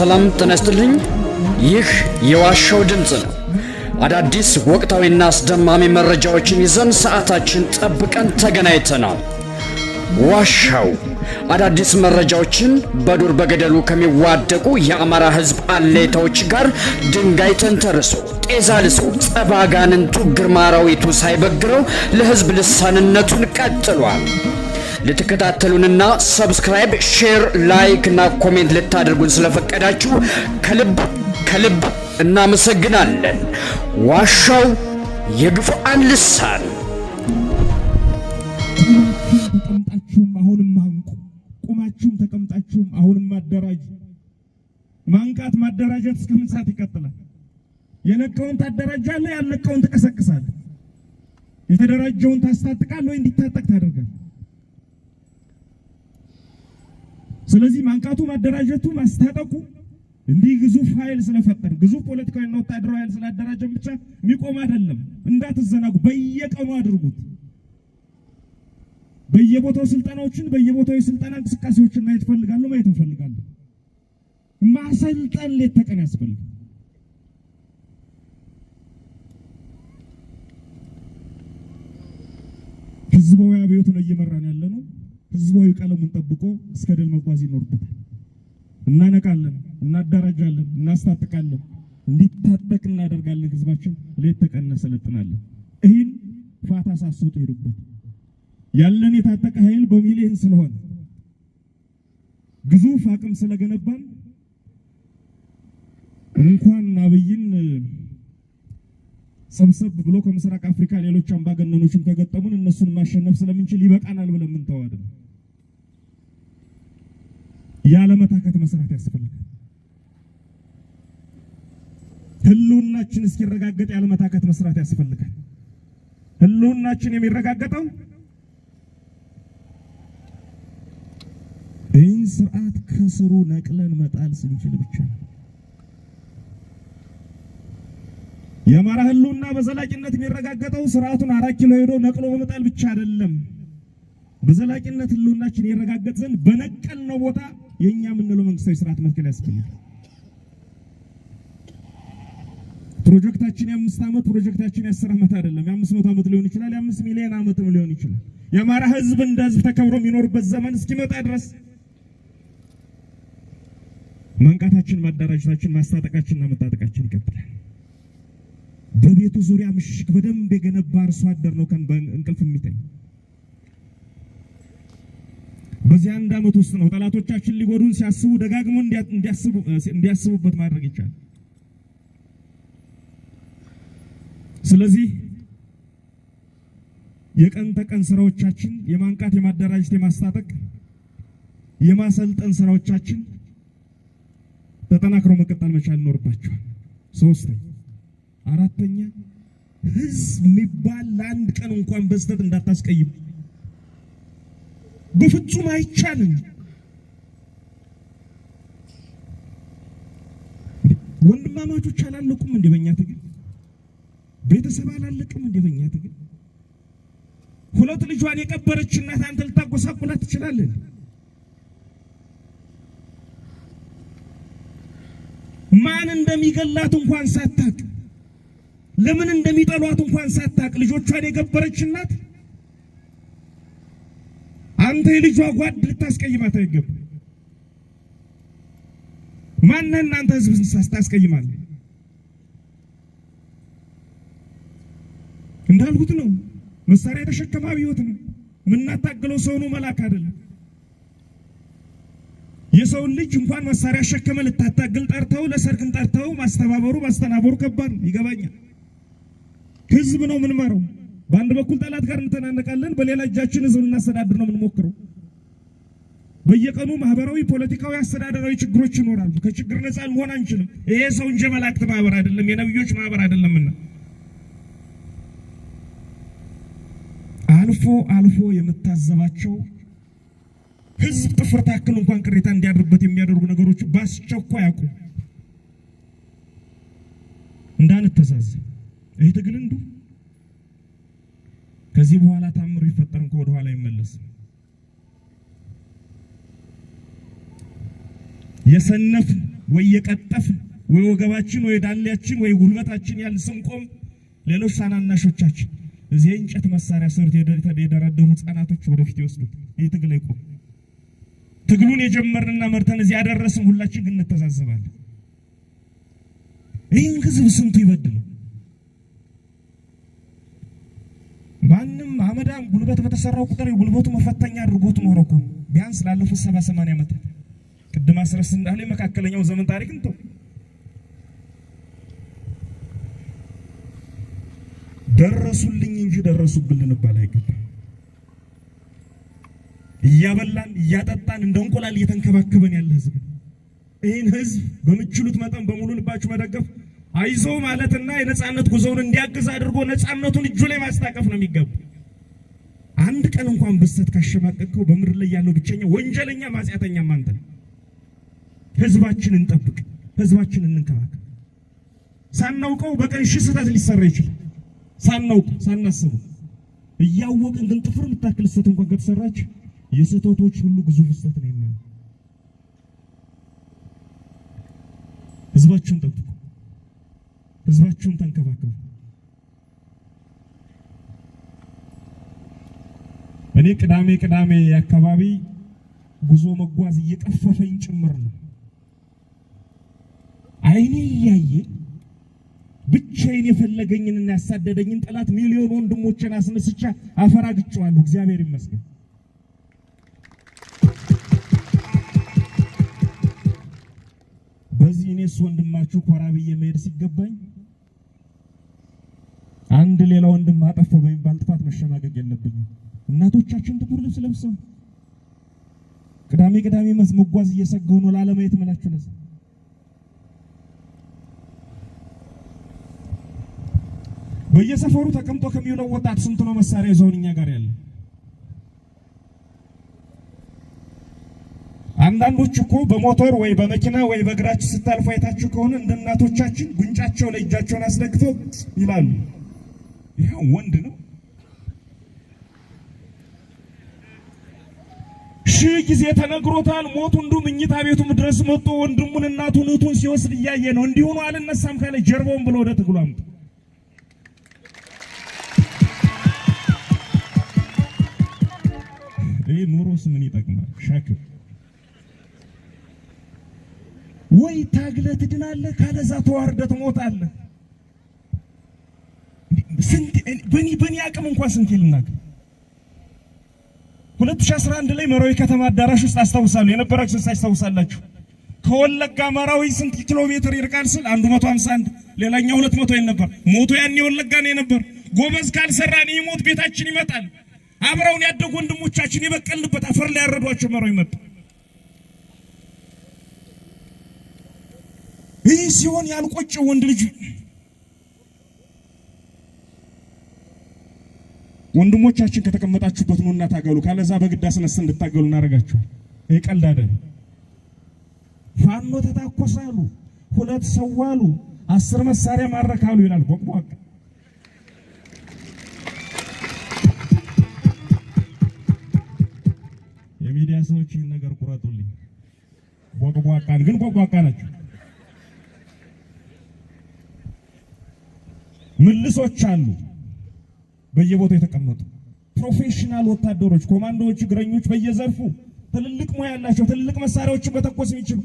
ሰላም ጥነስትልኝ። ይህ የዋሻው ድምፅ ነው። አዳዲስ ወቅታዊና አስደማሚ መረጃዎችን ይዘን ሰዓታችን ጠብቀን ተገናኝተናል። ዋሻው አዳዲስ መረጃዎችን በዱር በገደሉ ከሚዋደቁ የአማራ ሕዝብ አለታዎች ጋር ድንጋይ ተንተርሶ ጤዛ ልሶ ጸባጋንንቱ ግርማ ሳይበግረው ለሕዝብ ልሳንነቱን ቀጥሏል። ልትከታተሉንና ሰብስክራይብ፣ ሼር፣ ላይክ እና ኮሜንት ልታደርጉን ስለፈቀዳችሁ ከልብ ከልብ እናመሰግናለን። ዋሻው የግፉዓን ልሳን ተቀምጣችሁም አሁንም አንቁ፣ ቁማችሁም ተቀምጣችሁም አሁንም አደራጁ። ማንቃት ማደራጀት እስከ ምን ሰዓት ይቀጥላል? የነቃውን ታደራጃለህ፣ ያልነቃውን ትቀሰቅሳለህ። የተደራጀውን ታስታጥቃለህ ወይ እንዲታጠቅ ታደርጋለህ። ስለዚህ ማንቃቱ፣ ማደራጀቱ፣ ማስታጠቁ እንዲህ ግዙፍ ኃይል ስለፈጠር ግዙፍ ፖለቲካዊና ወታደራዊ ኃይል ስላደራጀን ብቻ የሚቆም አይደለም። እንዳትዘናጉ፣ በየቀኑ አድርጉት። በየቦታው ስልጠናዎችን በየቦታው የስልጠና እንቅስቃሴዎችን ማየት እፈልጋለሁ፣ ማየት እንፈልጋለሁ። ማሰልጠን ሌት ተቀን ያስፈልጋል። ህዝባዊ አብዮት ነው እየመራን ያለ ነው። ህዝባዊ ቀለሙን ጠብቆ እስከ ድል መጓዝ ይኖርበታል። እናነቃለን፣ እናደራጃለን፣ እናስታጥቃለን፣ እንዲታጠቅ እናደርጋለን። ህዝባችን ሌት ተቀን እናሰለጥናለን። ይህን ፋታ ሳሰጡ ሄዱበት ያለን የታጠቀ ኃይል በሚሊየን ስለሆነ ግዙፍ አቅም ስለገነባን እንኳን አብይን ሰብሰብ ብሎ ከምስራቅ አፍሪካ ሌሎች አምባገነኖችን ከገጠሙን እነሱን ማሸነፍ ስለምንችል ይበቃናል ብለን የምንተው ያለመታከት መስራት ያስፈልጋል። ህልውናችን እስኪረጋገጥ ያለመታከት መስራት ያስፈልጋል። ህልውናችን የሚረጋገጠው ይህን ስርዓት ከስሩ ነቅለን መጣል ስንችል ብቻ ነው። የአማራ ህልውና በዘላቂነት የሚረጋገጠው ስርዓቱን አራት ኪሎ ሄዶ ነቅሎ በመጣል ብቻ አይደለም። በዘላቂነት ህልውናችን ይረጋገጥ ዘንድ በነቀል ነው ቦታ የእኛ የምንለው መንግስታዊ ስርዓት መትከል ያስፈልጋል። ፕሮጀክታችን የአምስት ዓመት ፕሮጀክታችን የአስር ዓመት አይደለም። የአምስት መቶ ዓመት ሊሆን ይችላል። የአምስት ሚሊዮን ዓመትም ሊሆን ይችላል። የአማራ ህዝብ እንደ ህዝብ ተከብሮ የሚኖርበት ዘመን እስኪመጣ ድረስ መንቃታችን፣ ማዳራጀታችን፣ ማስታጠቃችንና መታጠቃችን ይቀጥላል። በቤቱ ዙሪያ ምሽግ በደንብ የገነባ አርሶ አደር ነው ቀን በእንቅልፍ የሚተኝ። በዚህ አንድ ዓመት ውስጥ ነው ጠላቶቻችን ሊጎዱን ሲያስቡ ደጋግሞ እንዲያስቡበት ማድረግ ይቻላል። ስለዚህ የቀን ተቀን ስራዎቻችን የማንቃት፣ የማደራጀት፣ የማስታጠቅ፣ የማሰልጠን ስራዎቻችን ተጠናክሮ መቀጠል መቻል ይኖርባቸዋል። ሶስተኛ አራተኛ ህዝብ የሚባል ለአንድ ቀን እንኳን በስተት እንዳታስቀይም። በፍጹም አይቻልም። ወንድማማቾች አላለቁም እንደ በእኛ ትግል፣ ቤተሰብ አላለቅም እንደ በእኛ ትግል። ሁለት ልጇን የቀበረች እናት አንተ ልታጎሳቁላት ትችላለን። ማን እንደሚገላት እንኳን ሳታቅ ለምን እንደሚጠሏት እንኳን ሳታቅ ልጆቿን የገበረች እናት አንተ የልጇ ጓድ ልታስቀይማት አይገባ። ማን እናንተ ህዝብ ታስቀይማለ? እንዳልኩት ነው። መሳሪያ የተሸከመ አብዮት ነው። የምናታግለው ሰው ነው፣ መልአክ አይደለም። የሰውን ልጅ እንኳን መሳሪያ አሸከመ ልታታግል ጠርተው ለሰርግን ጠርተው ማስተባበሩ ማስተናበሩ ከባድ ነው። ይገባኛል። ህዝብ ነው የምንመራው። በአንድ በኩል ጠላት ጋር እንተናነቃለን፣ በሌላ እጃችን ህዝብ ልናስተዳድር ነው የምንሞክረው። በየቀኑ ማህበራዊ፣ ፖለቲካዊ፣ አስተዳደራዊ ችግሮች ይኖራሉ። ከችግር ነፃ ልሆን አንችልም። ይሄ ሰው እንጂ መላእክት ማህበር አይደለም፣ የነብዮች ማህበር አይደለምና አልፎ አልፎ የምታዘባቸው ህዝብ ጥፍር ታክል እንኳን ቅሬታ እንዲያድርበት የሚያደርጉ ነገሮች በአስቸኳይ አቁም፣ እንዳንተዛዘብ ይህ ትግል እንዱ ከዚህ በኋላ ታምሩ ይፈጠር ከወደ ኋላ ይመለስ። የሰነፍ ወይ የቀጠፍ ወይ ወገባችን ወይ ዳሌያችን ወይ ጉልበታችን ያል ስንቆም ሌሎች ሳናናሾቻችን እዚህ የእንጨት መሳሪያ ስር የደረደሙ ህጻናቶች ወደፊት ይወስዱት። ይህ ትግል አይቆም። ትግሉን የጀመርንና መርተን እዚህ ያደረስም ሁላችን ግን እንተዛዘባለን። ይህን ህዝብ ስንቱ ይበድል ማንም አመዳም ጉልበት በተሰራው ቁጥር የጉልበቱ መፈተኛ አድርጎት ኖረ እኮ ቢያንስ ላለፉት ሰባ ሰማንያ ዓመታት ቅድም አስረስ እንዳለ የመካከለኛው ዘመን ታሪክ እንቶ ደረሱልኝ እንጂ ደረሱብን ልንባል አይገባም። እያበላን እያጠጣን እንደ እንቁላል እየተንከባከበን ያለ ህዝብ ይህን ህዝብ በምችሉት መጠን በሙሉ ልባችሁ መደገፍ አይዞ ማለትና የነጻነት ጉዞውን እንዲያግዝ አድርጎ ነጻነቱን እጁ ላይ ማስታቀፍ ነው የሚገቡ። አንድ ቀን እንኳን በስተት ካሸማቀቀው በምድር ላይ ያለው ብቸኛ ወንጀለኛ ማጽያተኛ ማንተ ነው። ህዝባችን እንጠብቅ፣ ህዝባችን እንንከባከብ። ሳናውቀው በቀን ሺህ ስህተት ሊሰራ ይችላል። ሳናውቀው ሳናስቡ እያወቅን ግን ጥፍር የምታክል ስህተት እንኳን ከተሰራች የስህተቶች ሁሉ ግዙፍ ስህተት ነው የሚሆነው። ህዝባችን ጠብቁ። ህዝባችሁን ተንከባከቡ። እኔ ቅዳሜ ቅዳሜ አካባቢ ጉዞ መጓዝ እየቀፈፈኝ ጭምር ነው። አይኔ እያየ ብቻዬን የፈለገኝንና ያሳደደኝን ጠላት ሚሊዮን ወንድሞችን አስነስቻ አፈራ ግጨዋለሁ። እግዚአብሔር ይመስገን። በዚህ እኔስ ወንድማችሁ ኮራ ብዬ መሄድ ሲገባኝ አንድ ሌላ ወንድም አጠፋው በሚባል ጥፋት መሸማገግ የለብኝም። እናቶቻችን ጥቁር ልብስ ለብሰው ቅዳሜ ቅዳሜ መስ መጓዝ እየሰገው ነው ላለማየት መላችሁ በየሰፈሩ ተቀምጦ ከሚውለው ወጣት ስንት ነው መሳሪያ ይዘውን እኛ ጋር ያለ። አንዳንዶች እኮ በሞተር ወይ በመኪና ወይ በእግራችሁ ስታልፉ አይታችሁ ከሆነ እንደ እናቶቻችን ጉንጫቸው ላይ እጃቸውን አስደግፈው ይላሉ። ይኸው ወንድ ነው። ሺህ ጊዜ ተነግሮታል። ሞቱ እንዱ ምኝታ ቤቱም ድረስ መጥቶ ወንድሙን እናቱን እህቱን ሲወስድ እያየ ነው። እንዲሁኑ አልነሳም ካለ ጀርባውን ብሎ ወደ ትግሉ አምጡ። ይህ ኑሮስ ምን ይጠቅማል? ሻክር ወይ ታግለህ ትድናለህ፣ ካለዛ ተዋርደህ ትሞታለህ። ስንት በእኔ አቅም እንኳን ስንት ልናገር 2011 ላይ መራዊ ከተማ አዳራሽ ውስጥ አስታውሳለሁ የነበራችሁ ስንት አስታውሳላችሁ። ከወለጋ መራዊ ስንት ኪሎ ሜትር ይርቃል ስል 151 ሌላኛው 200 ይል ነበር። ሞቶ ያኔ ወለጋ ነው የነበር። ጎበዝ ካልሰራ ነው የሞት ቤታችን ይመጣል። አብረውን ያደጉ ወንድሞቻችን የበቀልንበት አፈር ላይ ያረዷቸው መራዊ መጣ። ይህ ሲሆን ያልቆጨው ወንድ ልጅ ወንድሞቻችን ከተቀመጣችሁበት ነው እናታገሉ ካለዛ በግድ አስነስተን እንድታገሉ እናደርጋችኋል። ይህ ፋኖ ተታኮሳሉ፣ ሁለት ሰዋሉ፣ አስር መሳሪያ ማረካሉ ይላል ቦቅቧቅ። የሚዲያ ሰዎች ይህን ነገር ቁረጡልኝ። ቦቅቧቃን ግን ቦቅቧቃ ናቸው። ምልሶች አሉ በየቦታው የተቀመጡ ፕሮፌሽናል ወታደሮች፣ ኮማንዶዎች፣ እግረኞች በየዘርፉ ትልልቅ ሙያ ያላቸው ትልልቅ መሳሪያዎችን መተኮስ የሚችሉ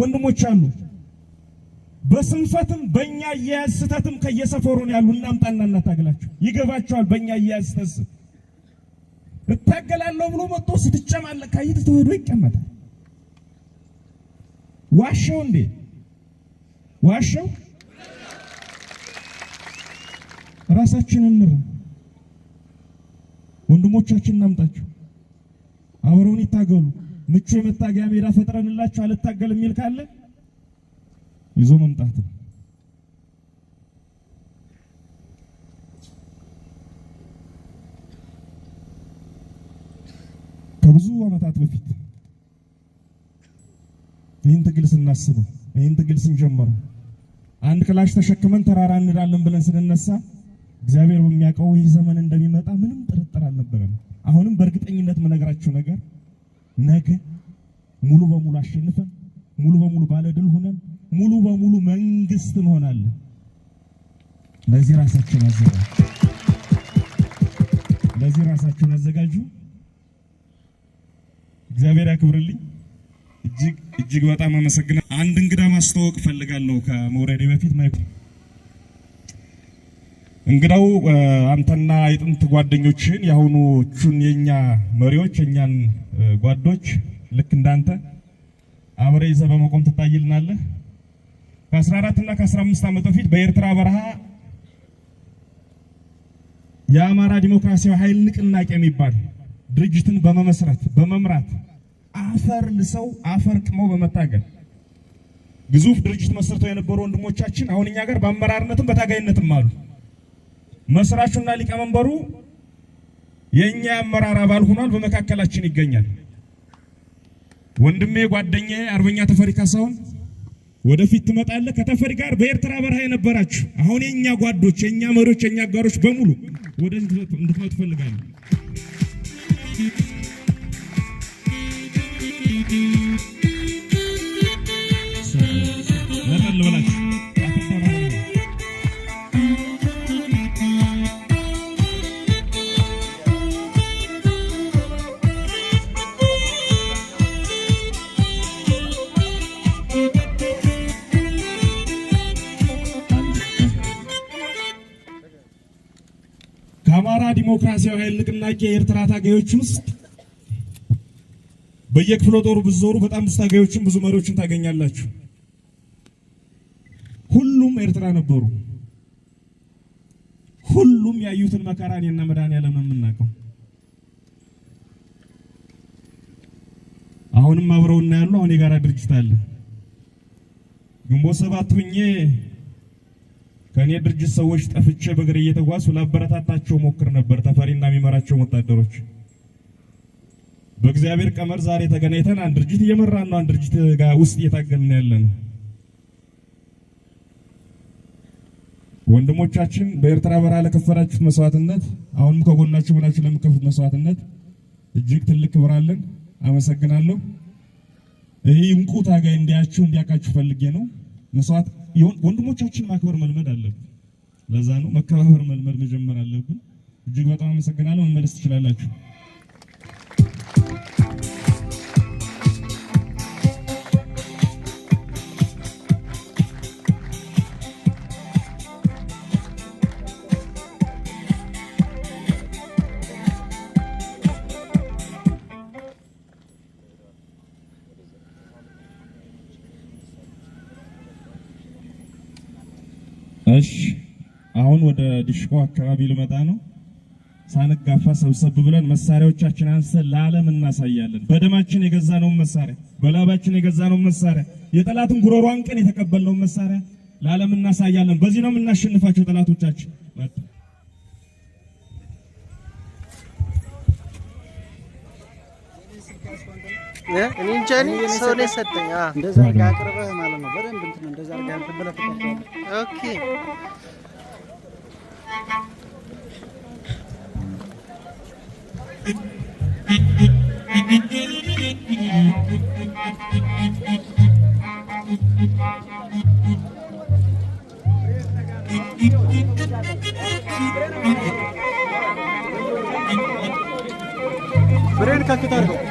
ወንድሞች አሉ። በስንፈትም በእኛ አያያዝ ስህተትም ከየሰፈሩን ያሉ እናምጣና እናታግላቸው። ይገባቸዋል። በእኛ አያያዝ ስህተት እታገላለሁ ብሎ መጥቶ ስትጨማለ ከይት ተወዶ ይቀመጣል። ዋሸው እንዴ ዋሸው ራሳችንን እንር ወንድሞቻችንን እናምጣቸው፣ አብረውን ይታገሉ። ምቹ የመታገያ ሜዳ ፈጥረንላቸው አልታገል የሚል ካለ ይዞ መምጣት ነው። ከብዙ ዓመታት በፊት ይህን ትግል ስናስበው ይህን ትግል ስንጀምረው አንድ ክላሽ ተሸክመን ተራራ እንሄዳለን ብለን ስንነሳ እግዚአብሔር በሚያውቀው ይህ ዘመን እንደሚመጣ ምንም ጥርጥር አልነበረም። አሁንም በእርግጠኝነት መነግራችሁ ነገር ነገ ሙሉ በሙሉ አሸንፈን ሙሉ በሙሉ ባለድል ሆነን ሙሉ በሙሉ መንግስት እንሆናለን። ለዚህ ራሳችሁን አዘጋጁ። ለዚህ ራሳችሁን አዘጋጁ። እግዚአብሔር ያክብርልኝ። እጅግ እጅግ በጣም አመሰግናለሁ። አንድ እንግዳ ማስተዋወቅ ፈልጋለሁ ከመውረዴ በፊት እንግዳው አንተና የጥንት ጓደኞችን የአሁኖቹን የኛ መሪዎች የኛን ጓዶች ልክ እንዳንተ አብሬ ይዘ በመቆም ትታይልናለህ። ከ14 እና ከ15 ዓመት በፊት በኤርትራ በረሃ የአማራ ዲሞክራሲያዊ ኃይል ንቅናቄ የሚባል ድርጅትን በመመስረት በመምራት አፈር ልሰው አፈር ቅመው በመታገል ግዙፍ ድርጅት መስርተው የነበሩ ወንድሞቻችን አሁን እኛ ጋር በአመራርነትም በታጋይነትም አሉ። መስራቹና ሊቀመንበሩ የኛ አመራር አባል ሆኗል፣ በመካከላችን ይገኛል። ወንድሜ ጓደኛዬ አርበኛ ተፈሪ ካሳሁን ወደፊት ትመጣለህ። ከተፈሪ ጋር በኤርትራ በረሃ የነበራችሁ አሁን የኛ ጓዶች፣ የኛ መሪዎች፣ የኛ አጋሮች በሙሉ ወደዚህ እንድትመጡ ፈልጋለሁ። ዲሞክራሲያዊ ኃይል ንቅናቄ የኤርትራ ታጋዮች ውስጥ በየክፍለ ጦሩ ብትዞሩ በጣም ብዙ ታጋዮችን ብዙ መሪዎችን ታገኛላችሁ። ሁሉም ኤርትራ ነበሩ። ሁሉም ያዩትን መከራ እኔና መድኃኒዓለም የምናውቀው አሁንም አብረውና ያሉ አሁን የጋራ ድርጅት አለ ግንቦት ሰባት ሁኜ ከእኔ ድርጅት ሰዎች ጠፍቼ በእግሬ እየተጓዝኩ ላበረታታቸው ሞክር ነበር ተፈሪና የሚመራቸው ወታደሮች። በእግዚአብሔር ቀመር ዛሬ ተገናኝተን አንድ ድርጅት እየመራን ነው። አንድ ድርጅት ጋር ውስጥ እየታገልን ያለ ነው። ወንድሞቻችን በኤርትራ በረሃ ለከፈላችሁት መስዋዕትነት፣ አሁንም ከጎናችሁ ሆናችሁ ለምከፍሉት መስዋዕትነት እጅግ ትልቅ ክብር አለን። አመሰግናለሁ። ይህ እንቁ ታጋይ እንዲያችሁ እንዲያውቃችሁ ፈልጌ ነው። መስዋዕት ወንድሞቻችን ማክበር መልመድ አለብን። ለዛ ነው መከባበር መልመድ መጀመር አለብን። እጅግ በጣም አመሰግናለሁ። መመለስ ትችላላችሁ። አሁን ወደ ዲሽቃው አካባቢ ልመጣ ነው። ሳንጋፋ ሰብሰብ ብለን መሳሪያዎቻችን አንሰን ለዓለም እናሳያለን። በደማችን የገዛነውን መሳሪያ፣ በላባችን የገዛነውን መሳሪያ፣ የጠላትን ጉሮሮ አንቀን የተቀበልነውን መሳሪያ ለዓለም እናሳያለን። በዚህ ነው የምናሸንፋቸው ጠላቶቻችን። እኔ እንጃ ሰው ነው የሰጠኝ። እንደዛ አድርገህ አቅርበህ ማለት ነው። በደንብ እንትን ነው። እንደዛ አድርገህ ብለህ ኦኬ ブレーンかけたるぞ。